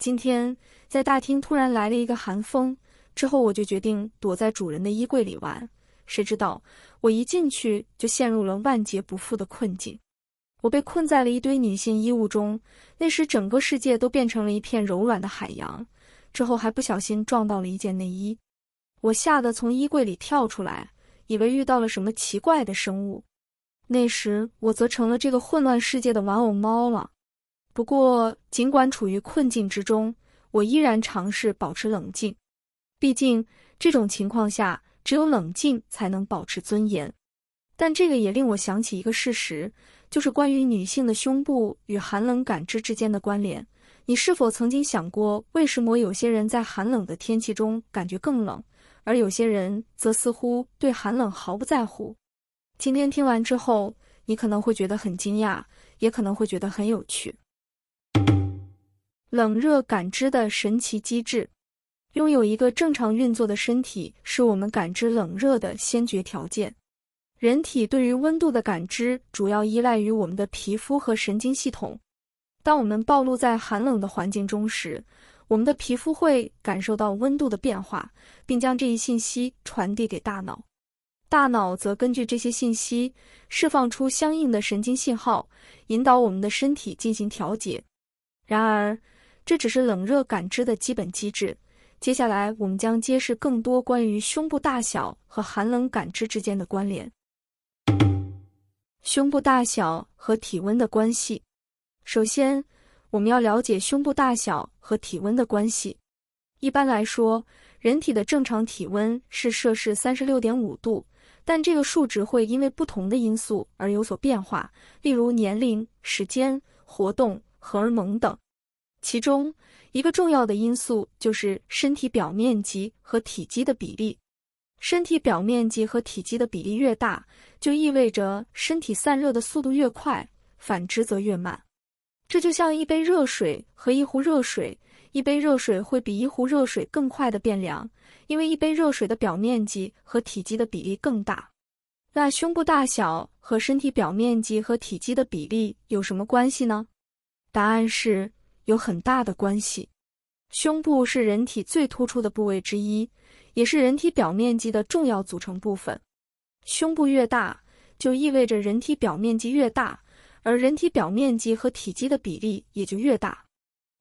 今天在大廳突然來了一個寒風，之後我就決定躲在主人的衣櫃裡玩。誰知道我一進去就陷入了萬劫不復的困境。我被困在了一堆女性衣物中，那時整個世界都變成了一片柔軟的海洋。之後還不小心撞到了一件內衣，我嚇得從衣櫃裡跳出來，以為遇到了什麼奇怪的生物。那時我則成了這個混亂世界的玩偶貓了。不過，儘管處於困境之中，我依然嘗試保持冷靜。畢竟，這種情況下，只有冷靜才能保持尊嚴。但這個也令我想起一個事實，就是關於女性的胸部與寒冷感知之間的關聯。你是否曾經想過，為什麼有些人在寒冷的天氣中感覺更冷，而有些人則似乎對寒冷毫不在乎？今天聽完之後，你可能會覺得很驚訝，也可能會覺得很有趣。冷熱感知的神奇機制，擁有一個正常運作的身體是我們感知冷熱的先決條件。人體對於溫度的感知主要依賴於我們的皮膚和神經系統。當我們暴露在寒冷的環境中時，我們的皮膚會感受到溫度的變化，並將這一信息傳遞給大腦。大腦則根據這些信息釋放出相應的神經信號，引導我們的身體進行調節。然而，這只是冷熱感知的基本機制。接下來，我們將揭示更多關於胸部大小和寒冷感知之間的關聯。胸部大小和體溫的關係。首先，我們要了解胸部大小和體溫的關係。一般來說，人體的正常體溫是攝氏三十六點五度，但這個數值會因為不同的因素而有所變化，例如年齡、時間、活動。荷爾蒙等，其中一個重要的因素就是身體表面積和體積的比例。身體表面積和體積的比例越大，就意味着身體散熱的速度越快，反之則越慢。這就像一杯熱水和一壺熱水，一杯熱水會比一壺熱水更快的變涼，因為一杯熱水的表面積和體積的比例更大。那胸部大小和身體表面積和體積的比例有什麼關係呢？答案是有很大的關係。胸部是人體最突出的部位之一，也是人體表面積的重要組成部分。胸部越大，就意味着人體表面積越大，而人體表面積和體積的比例也就越大。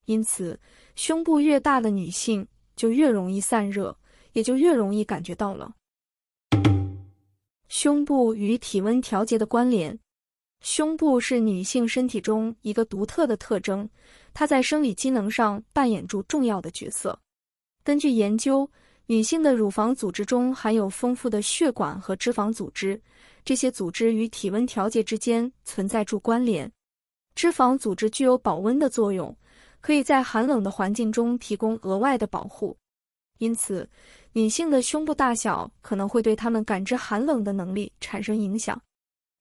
因此，胸部越大的女性就越容易散熱，也就越容易感覺到冷。胸部與體溫調節的關聯。胸部是女性身體中一個獨特的特徵，它在生理機能上扮演著重要的角色。根據研究，女性的乳房組織中含有豐富的血管和脂肪組織，這些組織與體溫調節之間存在著關聯。脂肪組織具有保溫的作用，可以在寒冷的環境中提供額外的保護。因此，女性的胸部大小可能會對她們感知寒冷的能力產生影響。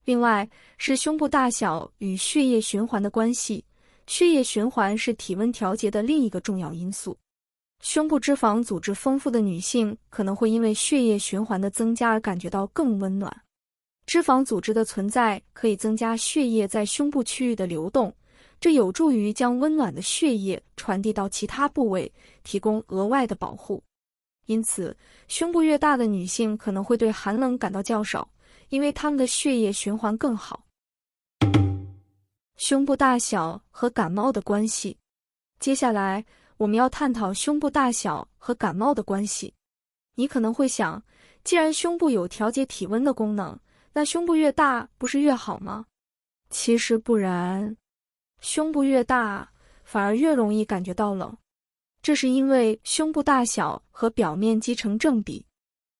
另外是胸部大小與血液循環的關係，血液循環是體溫調節的另一個重要因素。胸部脂肪組織豐富的女性可能會因為血液循環的增加而感覺到更溫暖。脂肪組織的存在可以增加血液在胸部區域的流動，這有助於將溫暖的血液傳遞到其他部位，提供額外的保護。因此，胸部越大的女性可能會對寒冷感到較少。因為他們的血液循環更好。胸部大小和感冒的關係。接下來我們要探討胸部大小和感冒的關係。你可能會想，既然胸部有調節體溫的功能，那胸部越大不是越好嗎？其實不然，胸部越大反而越容易感覺到冷，這是因為胸部大小和表面積成正比，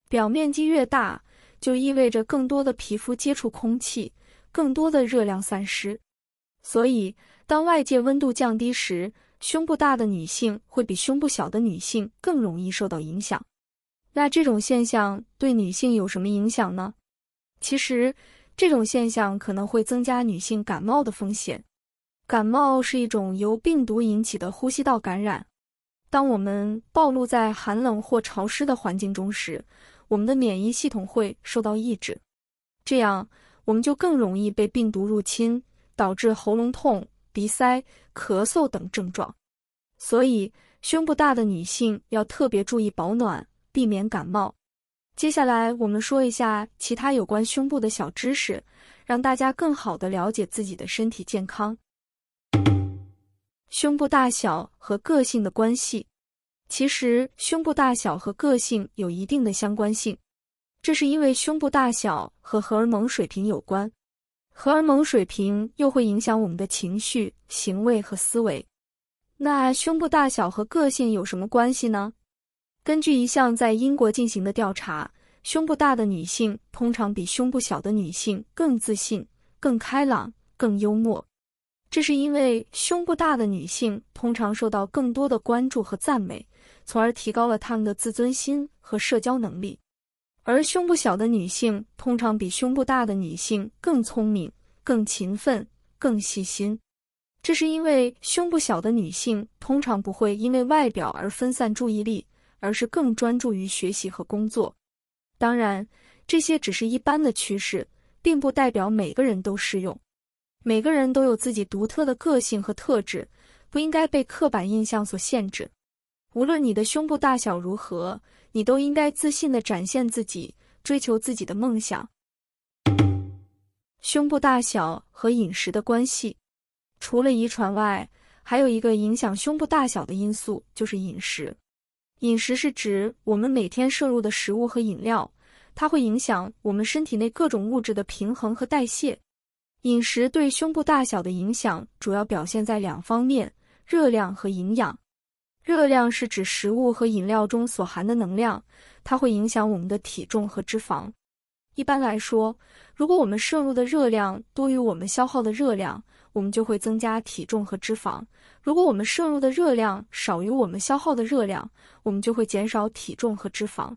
表面積越大，就意味着更多的皮膚接觸空氣，更多的熱量散失。所以，當外界溫度降低時，胸部大的女性會比胸部小的女性更容易受到影響。那這種現象對女性有什麼影響呢？其實，這種現象可能會增加女性感冒的風險。感冒是一種由病毒引起的呼吸道感染。當我們暴露在寒冷或潮濕的環境中時，我們的免疫系統會受到抑制，這樣我們就更容易被病毒入侵，導致喉嚨痛、鼻塞、咳嗽等症狀。所以，胸部大的女性要特別注意保暖，避免感冒。接下來，我們說一下其他有關胸部的小知識，讓大家更好地了解自己的身體健康。胸部大小和個性的關係。其實胸部大小和個性有一定的相關性，這是因為胸部大小和荷爾蒙水平有關，荷爾蒙水平又會影響我們的情緒、行為和思維。那胸部大小和個性有什麼關係呢？根據一項在英國進行的調查，胸部大的女性通常比胸部小的女性更自信、更開朗、更幽默。這是因為胸部大的女性通常受到更多的關注和讚美。從而提高了她們的自尊心和社交能力，而胸部小的女性通常比胸部大的女性更聰明、更勤奮、更細心。這是因為胸部小的女性通常不會因為外表而分散注意力，而是更專注於學習和工作。當然，這些只是一般的趨勢，並不代表每個人都適用。每個人都有自己獨特的個性和特質，不應該被刻板印象所限制。無論你的胸部大小如何，你都應該自信地展現自己，追求自己的夢想。胸部大小和飲食的關係，除了遺傳外，還有一個影響胸部大小的因素，就是飲食。飲食是指我們每天攝入的食物和飲料，它會影響我們身體內各種物質的平衡和代謝。飲食對胸部大小的影響主要表現在兩方面：熱量和營養。熱量是指食物和飲料中所含的能量，它會影響我們的體重和脂肪。一般來說，如果我們攝入的熱量多於我們消耗的熱量，我們就會增加體重和脂肪；如果我們攝入的熱量少於我們消耗的熱量，我們就會減少體重和脂肪。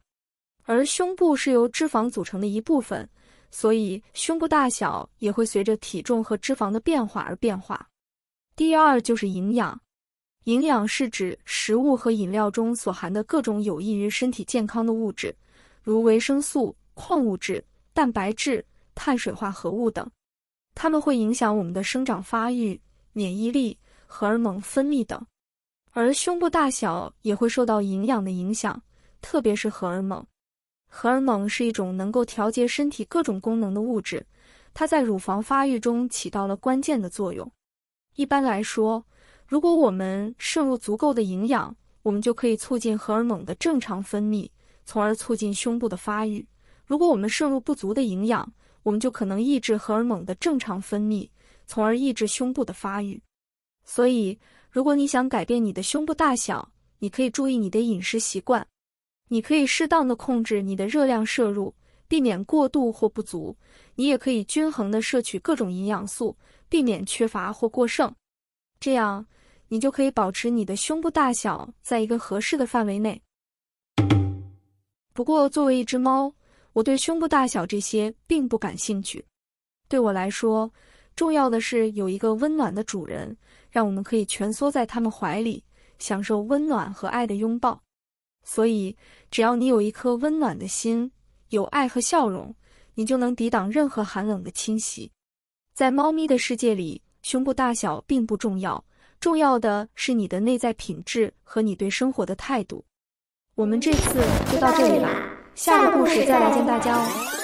而胸部是由脂肪組成的一部分，所以胸部大小也會隨着體重和脂肪的變化而變化。第二就是營養。營養是指食物和飲料中所含的各種有益於身體健康的物質，如維生素、礦物質、蛋白質、碳水化合物等。它們會影響我們的生長發育、免疫力、荷爾蒙分泌等，而胸部大小也會受到營養的影響，特別是荷爾蒙。荷爾蒙是一種能夠調節身體各種功能的物質，它在乳房發育中起到了關鍵的作用。一般來說，如果我們攝入足夠的營養，我們就可以促進荷爾蒙的正常分泌，從而促進胸部的發育。如果我們攝入不足的營養，我們就可能抑制荷爾蒙的正常分泌，從而抑制胸部的發育。所以，如果你想改變你的胸部大小，你可以注意你的飲食習慣，你可以適當的控制你的熱量攝入，避免過度或不足。你也可以均衡地攝取各種營養素，避免缺乏或過剩。這樣。你就可以保持你的胸部大小在一個合適的範圍內。不過，作為一只貓，我對胸部大小這些並不感興趣。對我來說，重要的是有一個溫暖的主人，讓我們可以蜷縮在他們懷裡，享受溫暖和愛的擁抱。所以，只要你有一顆溫暖的心，有愛和笑容，你就能抵擋任何寒冷的侵襲。在貓咪的世界裡，胸部大小並不重要。重要的是你的內在品質和你對生活的態度。我們這次就到這裡了，下個故事再來見大家哦。